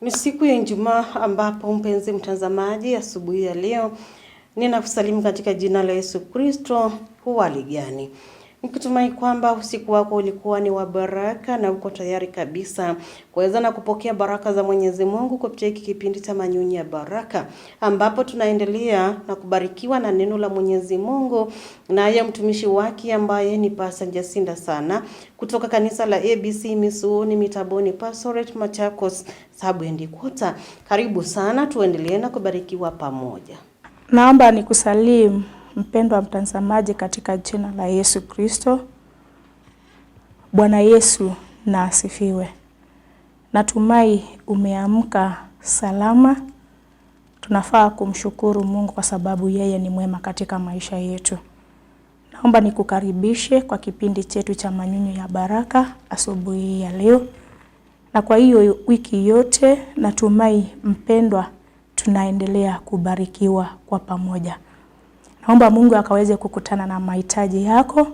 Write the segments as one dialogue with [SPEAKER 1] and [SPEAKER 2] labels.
[SPEAKER 1] Ni siku ya Ijumaa ambapo mpenzi mtazamaji, asubuhi ya leo ninakusalimu katika jina la Yesu Kristo. Huwali gani? Nikitumai kwamba usiku wako ulikuwa ni wa baraka na uko tayari kabisa kuweza na kupokea baraka za Mwenyezi Mungu kupitia hiki kipindi cha Manyunyu ya Baraka, ambapo tunaendelea na kubarikiwa na neno la Mwenyezi Mungu, naye mtumishi wake ambaye ni Pastor Jacinta sana kutoka kanisa la ABC Misuuni Mitaboni Pastorate Machakos Hesabu Endi Kwota. Karibu sana, tuendelee na kubarikiwa pamoja.
[SPEAKER 2] Naomba nikusalimu mpendwa mtazamaji katika jina la Yesu Kristo. Bwana Yesu na asifiwe. Natumai umeamka salama. Tunafaa kumshukuru Mungu kwa sababu yeye ni mwema katika maisha yetu. Naomba nikukaribishe kwa kipindi chetu cha Manyunyu ya Baraka asubuhi ya leo. Na kwa hiyo wiki yote natumai mpendwa, tunaendelea kubarikiwa kwa pamoja. Naomba Mungu akaweze kukutana na mahitaji yako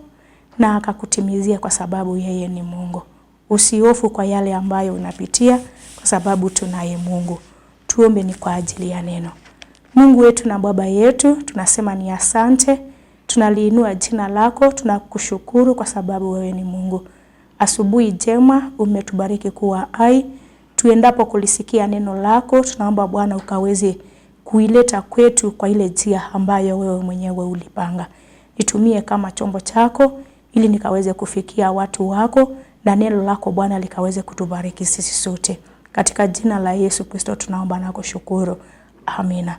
[SPEAKER 2] na akakutimizia, kwa sababu yeye ni Mungu. Usihofu kwa yale ambayo unapitia, kwa sababu tunaye Mungu. Tuombe ni kwa ajili ya neno. Mungu wetu na Baba yetu, tunasema ni asante, tunaliinua jina lako, tunakushukuru kwa sababu wewe ni Mungu. Asubuhi njema, umetubariki kuwa hai. Tuendapo kulisikia neno lako, tunaomba Bwana ukaweze kuileta kwetu kwa ile njia ambayo wewe mwenyewe ulipanga. Nitumie kama chombo chako ili nikaweze kufikia watu wako na neno lako Bwana likaweze kutubariki sisi sote. Katika jina la Yesu Kristo tunaomba na kushukuru. Amina.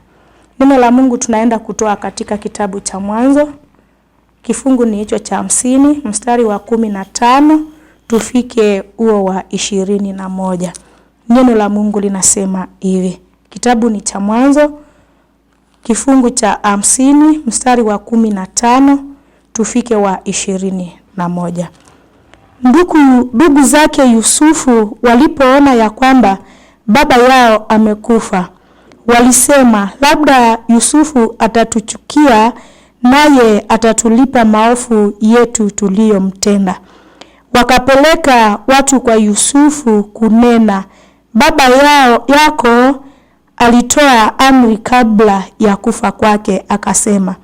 [SPEAKER 2] Neno la Mungu tunaenda kutoa katika kitabu cha Mwanzo kifungu ni hicho cha hamsini mstari wa kumi na tano tufike huo wa ishirini na moja. Neno la Mungu linasema hivi, kitabu ni cha Mwanzo kifungu cha hamsini mstari wa kumi na tano tufike wa ishirini na moja. Ndugu, ndugu zake Yusufu walipoona ya kwamba baba yao amekufa, walisema labda Yusufu atatuchukia naye atatulipa maovu yetu tuliyomtenda. Wakapeleka watu kwa Yusufu kunena, baba yao yako alitoa amri kabla ya kufa kwake, akasema,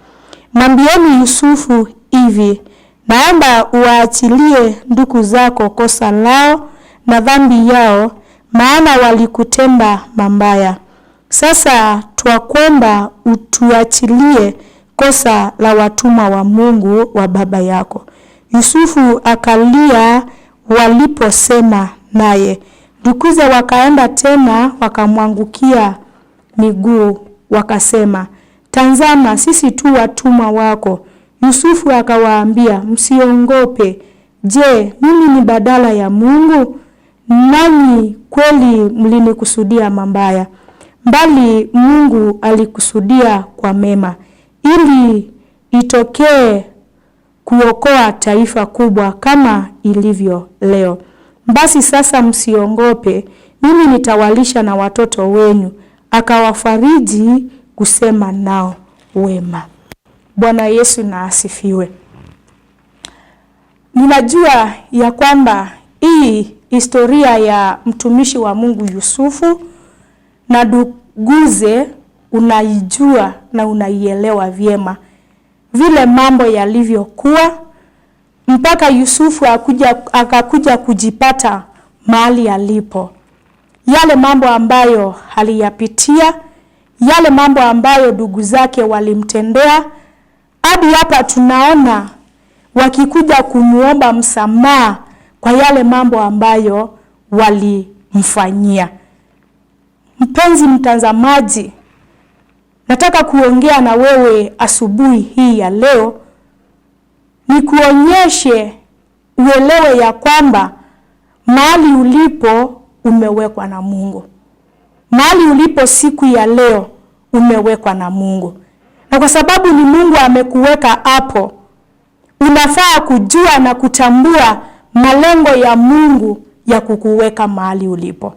[SPEAKER 2] mwambieni Yusufu hivi, naomba uwaachilie ndugu zako kosa lao na dhambi yao, maana walikutenda mabaya. Sasa twakwomba utuachilie kosa la watumwa wa Mungu wa baba yako. Yusufu akalia waliposema naye. Ndukuze wakaenda tena wakamwangukia miguu, wakasema, tazama, sisi tu watumwa wako. Yusufu akawaambia, msiongope Je, mimi ni badala ya Mungu? nani kweli mlinikusudia mabaya, bali Mungu alikusudia kwa mema, ili itokee kuokoa taifa kubwa kama ilivyo leo. Basi sasa msiogope, mimi nitawalisha na watoto wenu, akawafariji kusema nao wema. Bwana Yesu na asifiwe. Ninajua ya kwamba hii historia ya mtumishi wa Mungu Yusufu na nduguze unaijua na unaielewa vyema vile mambo yalivyokuwa mpaka Yusufu akuja, akakuja kujipata mahali alipo, yale mambo ambayo aliyapitia, yale mambo ambayo ndugu zake walimtendea. Hadi hapa tunaona wakikuja kumwomba msamaha kwa yale mambo ambayo walimfanyia. Mpenzi mtazamaji, nataka kuongea na wewe asubuhi hii ya leo, nikuonyeshe uelewe ya kwamba mahali ulipo umewekwa na Mungu. Mahali ulipo siku ya leo umewekwa na Mungu, na kwa sababu ni Mungu amekuweka hapo, unafaa kujua na kutambua malengo ya Mungu ya kukuweka mahali ulipo.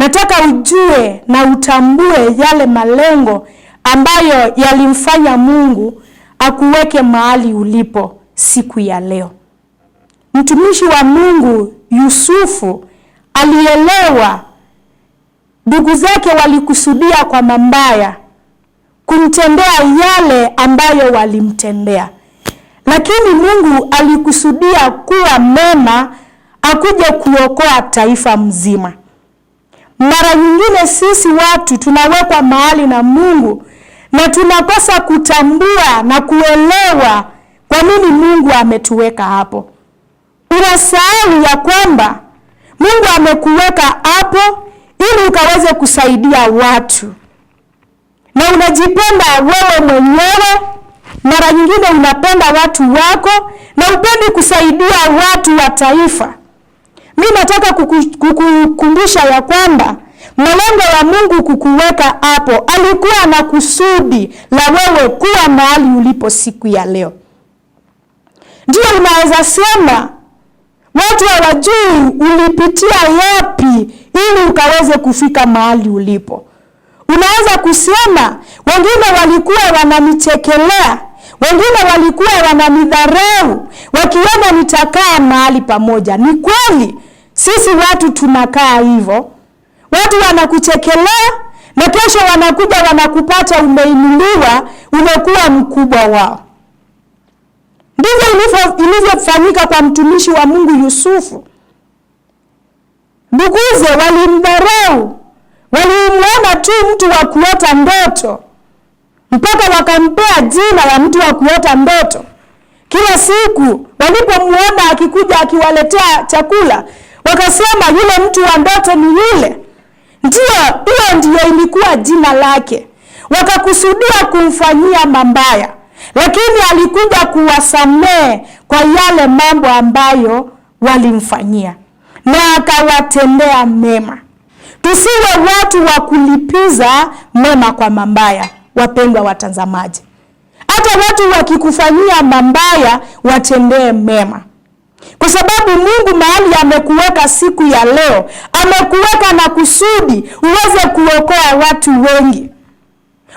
[SPEAKER 2] Nataka ujue na utambue yale malengo ambayo yalimfanya Mungu akuweke mahali ulipo siku ya leo. Mtumishi wa Mungu Yusufu alielewa ndugu zake walikusudia kwa mambaya kumtendea yale ambayo walimtendea, lakini Mungu alikusudia kuwa mema, akuje kuokoa taifa mzima. Mara nyingine sisi watu tunawekwa mahali na Mungu na tunakosa kutambua na kuelewa kwa nini Mungu ametuweka hapo. Unasahau ya kwamba Mungu amekuweka hapo ili ukaweze kusaidia watu, na unajipenda wewe mwenyewe. Mara nyingine unapenda watu wako na upendi kusaidia watu wa taifa. Mi nataka kukukumbusha ya kwamba malengo ya Mungu kukuweka hapo, alikuwa na kusudi la wewe kuwa mahali ulipo siku ya leo. Ndio unaweza sema watu hawajui ulipitia yapi ili ukaweze kufika mahali ulipo. Unaweza kusema wengine walikuwa wananichekelea wengine walikuwa midharau wakiona nitakaa mahali pamoja. Ni kweli sisi watu tunakaa hivyo, watu wanakuchekelea na kesho wanakuja wanakupata umeinuliwa, umekuwa mkubwa wao. Ndivyo ilivyofanyika kwa mtumishi wa Mungu Yusufu. Nduguze walimdharau, walimwona tu mtu wa kuota ndoto mpaka wakampea jina la mtu wa kuota ndoto. Kila siku walipomwona akikuja akiwaletea chakula, wakasema yule mtu wa ndoto ni yule. Ndio hiyo ndiyo ilikuwa jina lake. Wakakusudia kumfanyia mambaya, lakini alikuja kuwasamehe kwa yale mambo ambayo walimfanyia na akawatendea mema. Tusiwe watu wa kulipiza mema kwa mambaya wapendwa watazamaji, hata watu wakikufanyia mabaya watendee mema, kwa sababu Mungu mahali amekuweka siku ya leo amekuweka na kusudi uweze kuokoa watu wengi.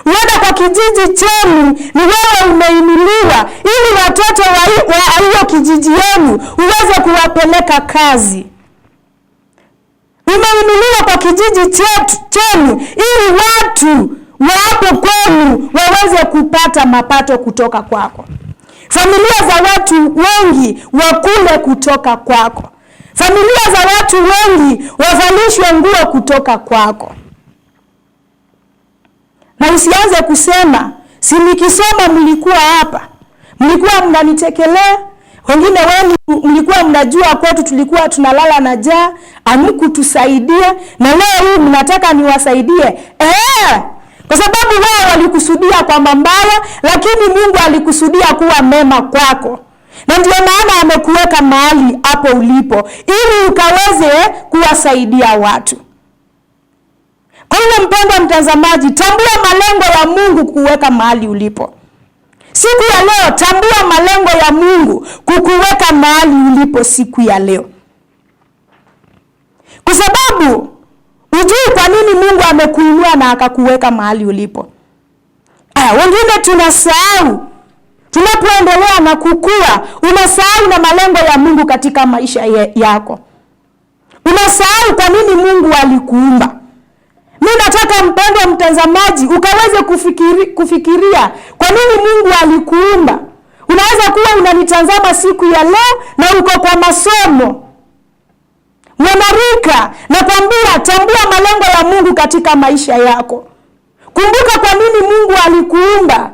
[SPEAKER 2] Huenda kwa kijiji chenu ni wewe umeinuliwa, ili watoto wa hiyo kijiji yenu uweze kuwapeleka kazi. Umeinuliwa kwa kijiji chetu chenu ili watu wapo kwenu waweze kupata mapato kutoka kwako. Familia za watu wengi wakule kutoka kwako. Familia za watu wengi wavalishwe nguo kutoka kwako. Na usianze kusema si nikisoma mlikuwa hapa, mlikuwa mnanitekelea. Wengine wenu mlikuwa mnajua kwetu tulikuwa tunalala na njaa, amkutusaidia na leo hii mnataka niwasaidie eh kwa sababu wao walikusudia kwa mbaya, lakini Mungu alikusudia kuwa mema kwako, na ndio maana amekuweka mahali hapo ulipo ili ukaweze kuwasaidia watu. Kwa hiyo, mpendwa mtazamaji, tambua malengo ya Mungu kuweka mahali ulipo. Siku ya leo tambua malengo ya Mungu kukuweka mahali ulipo siku ya leo, kwa sababu Hujui kwa nini Mungu amekuinua na akakuweka mahali ulipo. Aya, eh, wengine tunasahau tunapoendelea na kukua, unasahau na malengo ya Mungu katika maisha ye, yako. Unasahau kwa nini Mungu alikuumba. Mi nataka mpendwa mtazamaji ukaweze kufikiri, kufikiria kwa nini Mungu alikuumba. Unaweza kuwa unanitazama siku ya leo na uko kwa masomo Mwanarika, nakwambia tambua malengo ya Mungu katika maisha yako. Kumbuka kwa nini Mungu alikuumba.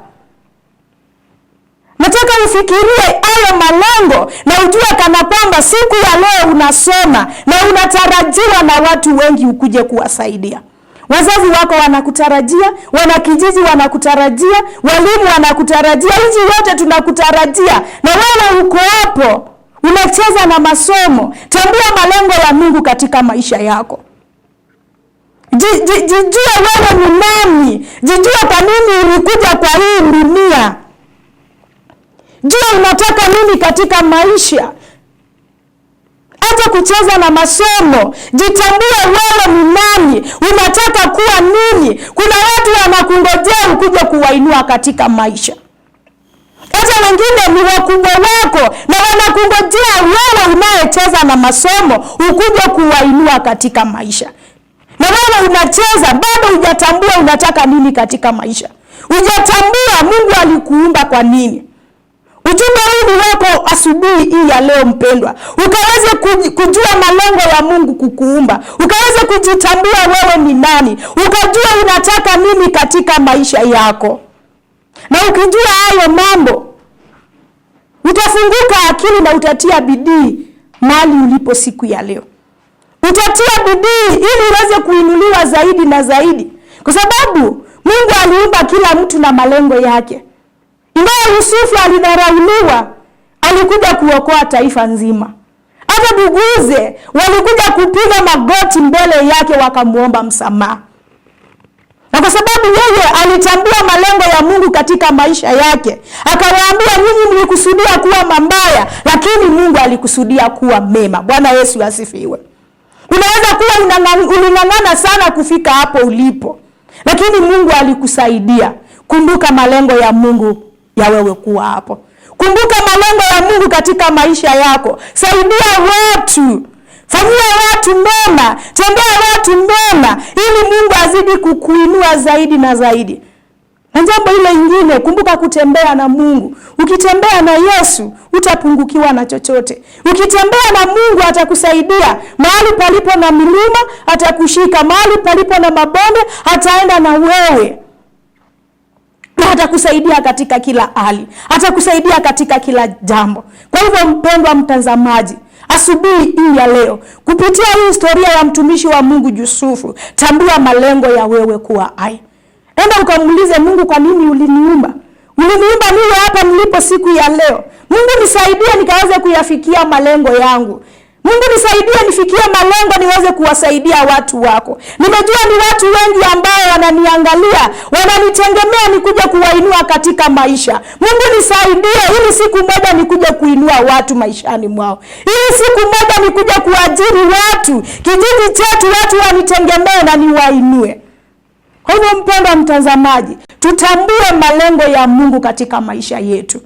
[SPEAKER 2] Nataka ufikirie hayo malengo na ujue kana kwamba siku ya leo unasoma na unatarajiwa na watu wengi ukuje kuwasaidia. Wazazi wako wanakutarajia, wanakijiji wanakutarajia, walimu wanakutarajia, nchi yote tunakutarajia, na wewe uko hapo unacheza na masomo. Tambua malengo ya Mungu katika maisha yako. Jijue wewe ni nani, jijue kwa nini ulikuja kwa hii dunia, jua unataka nini katika maisha. Acha kucheza na masomo, jitambue wewe ni nani, unataka kuwa nini. Kuna watu wanakungojea ukuje kuwainua katika maisha hata wengine ni wakubwa wako na wanakungojea wewe unayecheza na masomo ukuja kuwainua katika maisha, na wewe unacheza bado hujatambua unataka nini katika maisha, hujatambua Mungu alikuumba kwa nini. Ujumbe huu wako asubuhi hii ya leo mpendwa, ukaweze kujua malengo ya Mungu kukuumba, ukaweze kujitambua wewe ni nani, ukajua unataka nini katika maisha yako, na ukijua hayo mambo Utafunguka akili na utatia bidii mali ulipo siku ya leo, utatia bidii ili uweze kuinuliwa zaidi na zaidi, kwa sababu Mungu aliumba kila mtu na malengo yake. Ingawa Yusufu alidharauliwa, alikuja kuokoa taifa nzima. Hata buguze walikuja kupiga magoti mbele yake, wakamwomba msamaha na kwa sababu yeye alitambua malengo ya Mungu katika maisha yake, akawaambia nyinyi mlikusudia kuwa mabaya, lakini Mungu alikusudia kuwa mema. Bwana Yesu asifiwe. Unaweza kuwa uling'ang'ana sana kufika hapo ulipo, lakini Mungu alikusaidia. Kumbuka malengo ya Mungu ya wewe kuwa hapo. Kumbuka malengo ya Mungu katika maisha yako. Saidia watu Fanyia watu mema, tendea watu mema, ili Mungu azidi kukuinua zaidi na zaidi. Na jambo hilo ingine, kumbuka kutembea na Mungu. Ukitembea na Yesu utapungukiwa na chochote. Ukitembea na Mungu atakusaidia mahali palipo na milima, atakushika mahali palipo na mabonde, ataenda na wewe na atakusaidia katika kila hali, atakusaidia katika kila jambo. Kwa hivyo, mpendwa mtazamaji asubuhi hii ya leo kupitia hii historia ya mtumishi wa Mungu Yusufu, tambua malengo ya wewe kuwa hai. Enda ukamuulize Mungu, kwa nini uliniumba? Uliniumba niwe hapa nilipo siku ya leo. Mungu nisaidie nikaweze kuyafikia malengo yangu. Mungu nisaidie nifikie malengo niweze kuwasaidia watu wako. Nimejua ni watu wengi ambao wananiangalia, wananitegemea nikuja kuwainua katika maisha. Mungu nisaidie ili siku moja nikuja kuinua watu maishani mwao, ili siku moja nikuja kuajiri watu kijiji chetu, watu wanitegemee na niwainue. Kwa hivyo, mpendwa mtazamaji, tutambue malengo ya Mungu katika maisha yetu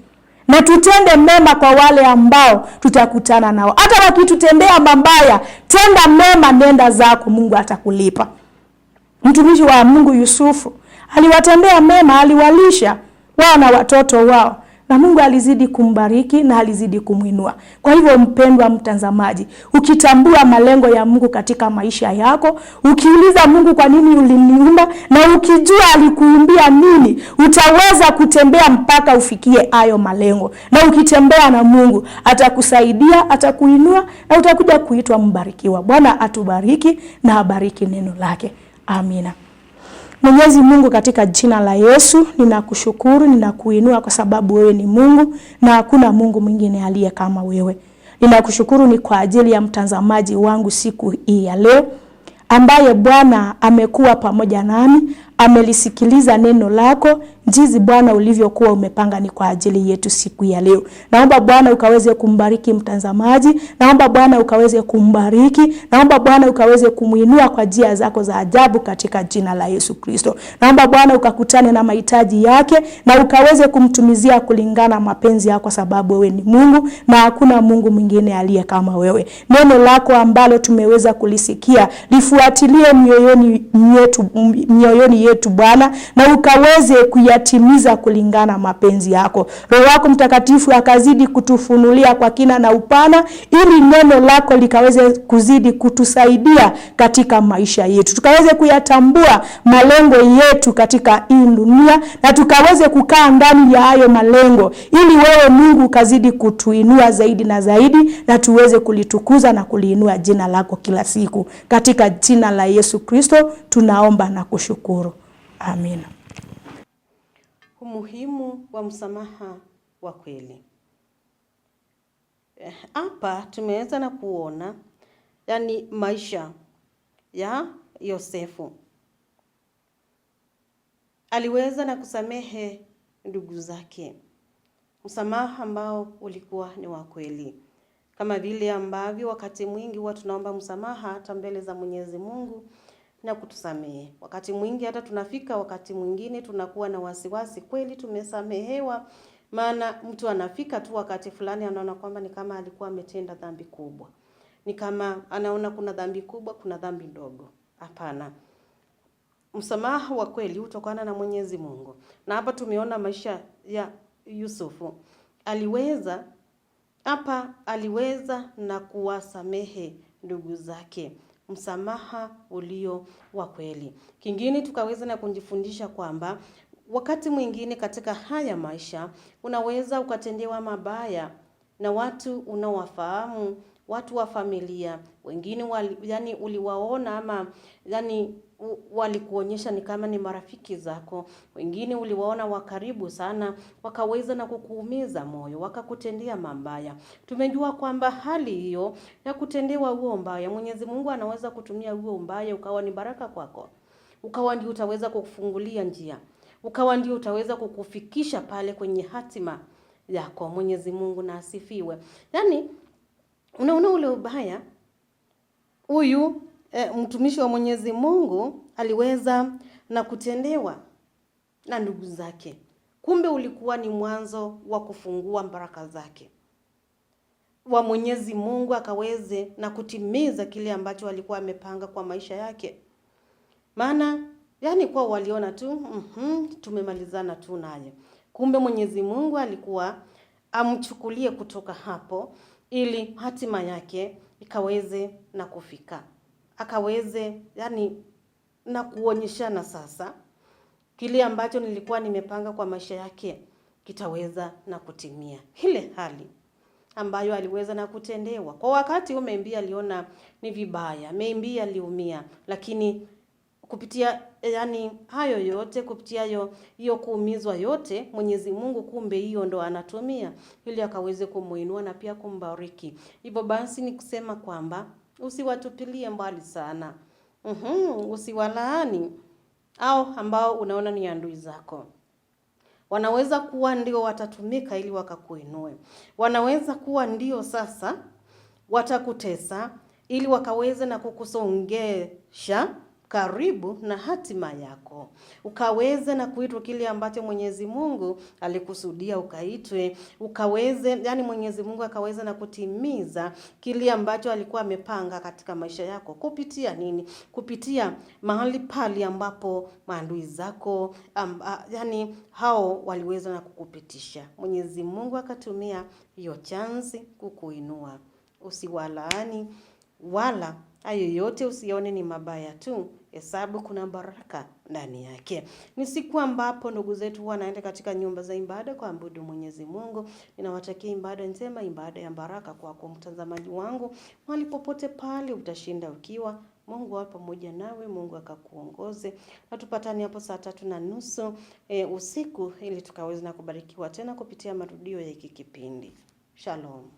[SPEAKER 2] na tutende mema kwa wale ambao tutakutana nao. Hata wakitutendea mabaya, tenda mema, nenda zako, Mungu atakulipa. Mtumishi wa Mungu Yusufu aliwatendea mema, aliwalisha wao na watoto wao na Mungu alizidi kumbariki na alizidi kumwinua. Kwa hivyo, mpendwa mtazamaji, ukitambua malengo ya Mungu katika maisha yako, ukiuliza Mungu kwa nini uliniumba, na ukijua alikuumbia nini, utaweza kutembea mpaka ufikie hayo malengo. Na ukitembea na Mungu atakusaidia, atakuinua na utakuja kuitwa mbarikiwa. Bwana atubariki na abariki neno lake. Amina. Mwenyezi Mungu, katika jina la Yesu ninakushukuru, ninakuinua kwa sababu wewe ni Mungu na hakuna Mungu mwingine aliye kama wewe. Ninakushukuru ni kwa ajili ya mtazamaji wangu siku hii ya leo ambaye Bwana amekuwa pamoja nami, amelisikiliza neno lako jinsi Bwana ulivyokuwa umepanga ni kwa ajili yetu siku ya leo. Naomba Bwana ukaweze kumbariki mtazamaji, naomba Bwana ukaweze kumbariki, naomba Bwana ukaweze kumuinua kwa njia zako za ajabu katika jina la Yesu Kristo. Naomba Bwana ukakutane na mahitaji yake na ukaweze kumtumizia kulingana mapenzi yako, kwa sababu wewe ni Mungu na hakuna Mungu mwingine aliye kama wewe. Neno lako ambalo tumeweza kulisikia lifuatilie mioyoni yetu mioyoni yetu Bwana, na ukaweze kuyatimiza kulingana mapenzi yako. Roho wako Mtakatifu akazidi kutufunulia kwa kina na upana, ili neno lako likaweze kuzidi kutusaidia katika maisha yetu, tukaweze kuyatambua malengo yetu katika hii dunia, na tukaweze kukaa ndani ya hayo malengo, ili wewe Mungu ukazidi kutuinua zaidi na zaidi, na tuweze kulitukuza na kuliinua jina lako kila siku, katika jina la Yesu Kristo tunaomba na kushukuru. Amina.
[SPEAKER 1] Umuhimu wa msamaha wa kweli eh, hapa tumeweza na kuona yani maisha ya Yosefu aliweza na kusamehe ndugu zake, msamaha ambao ulikuwa ni wa kweli, kama vile ambavyo wakati mwingi huwa tunaomba msamaha hata mbele za Mwenyezi Mungu na kutusamehe. Wakati mwingi hata tunafika wakati mwingine tunakuwa na wasiwasi kweli tumesamehewa, maana mtu anafika tu wakati fulani anaona kwamba ni kama alikuwa ametenda dhambi kubwa, ni kama anaona kuna dhambi kubwa, kuna dhambi ndogo. Hapana, msamaha wa kweli hutokana na Mwenyezi Mungu, na hapa tumeona maisha ya Yusufu aliweza hapa aliweza na kuwasamehe ndugu zake msamaha ulio wa kweli. Kingine tukaweza na kujifundisha kwamba wakati mwingine katika haya maisha unaweza ukatendewa mabaya na watu unaowafahamu, watu wa familia wengine wali, yani uliwaona ama yani walikuonyesha ni kama ni marafiki zako. Wengine uliwaona wa karibu sana, wakaweza na kukuumiza moyo, wakakutendea mabaya. Tumejua kwamba hali hiyo ya kutendewa huo mbaya, Mwenyezi Mungu anaweza kutumia huo mbaya ukawa ni baraka kwako, ukawa ndio utaweza kukufungulia njia, ukawa ndio utaweza kukufikisha pale kwenye hatima yako. Mwenyezi Mungu na asifiwe. Yani unaona ule ubaya huyu e, mtumishi wa Mwenyezi Mungu aliweza na kutendewa na ndugu zake. Kumbe ulikuwa ni mwanzo wa kufungua baraka zake wa Mwenyezi Mungu akaweze na kutimiza kile ambacho alikuwa amepanga kwa maisha yake. Maana yani kwa waliona tu mm -hmm, tumemalizana tu naye. Kumbe Mwenyezi Mungu alikuwa amchukulie kutoka hapo ili hatima yake ikaweze na kufika akaweze yani, na kuonyeshana sasa kile ambacho nilikuwa nimepanga kwa maisha yake kitaweza na kutimia. Ile hali ambayo aliweza na kutendewa kwa wakati, maybe aliona ni vibaya, maybe aliumia, lakini kupitia yani hayo yote, kupitia hiyo kuumizwa yote, Mwenyezi Mungu kumbe hiyo ndo anatumia ili akaweze kumuinua na pia kumbariki. Hivyo basi ni kusema kwamba usiwatupilie mbali sana. Uhum, usiwalaani au ambao unaona ni adui zako. Wanaweza kuwa ndio watatumika ili wakakuinue. Wanaweza kuwa ndio sasa watakutesa ili wakaweze na kukusongesha karibu na hatima yako, ukaweze na kuitwa kile ambacho Mwenyezi Mungu alikusudia ukaitwe, ukaweze yani Mwenyezi Mungu akaweza na kutimiza kile ambacho alikuwa amepanga katika maisha yako. Kupitia nini? Kupitia mahali pale ambapo maadui zako amba, yani hao waliweza na kukupitisha. Mwenyezi Mungu akatumia hiyo chansi kukuinua. Usiwalaani wala hayo yote usione ni mabaya tu, hesabu, kuna baraka ndani yake. Ni siku ambapo ndugu zetu wanaenda katika nyumba za ibada mbudu Mwenyezi Mungu. Ninawatakia ibada njema, ibada ya baraka kwako mtazamaji wangu, mahali popote pale utashinda ukiwa Mungu awe pamoja nawe, Mungu akakuongoze, na tupatane hapo saa tatu na nusu e, usiku ili tukaweze na kubarikiwa tena kupitia marudio ya hiki kipindi. Shalom.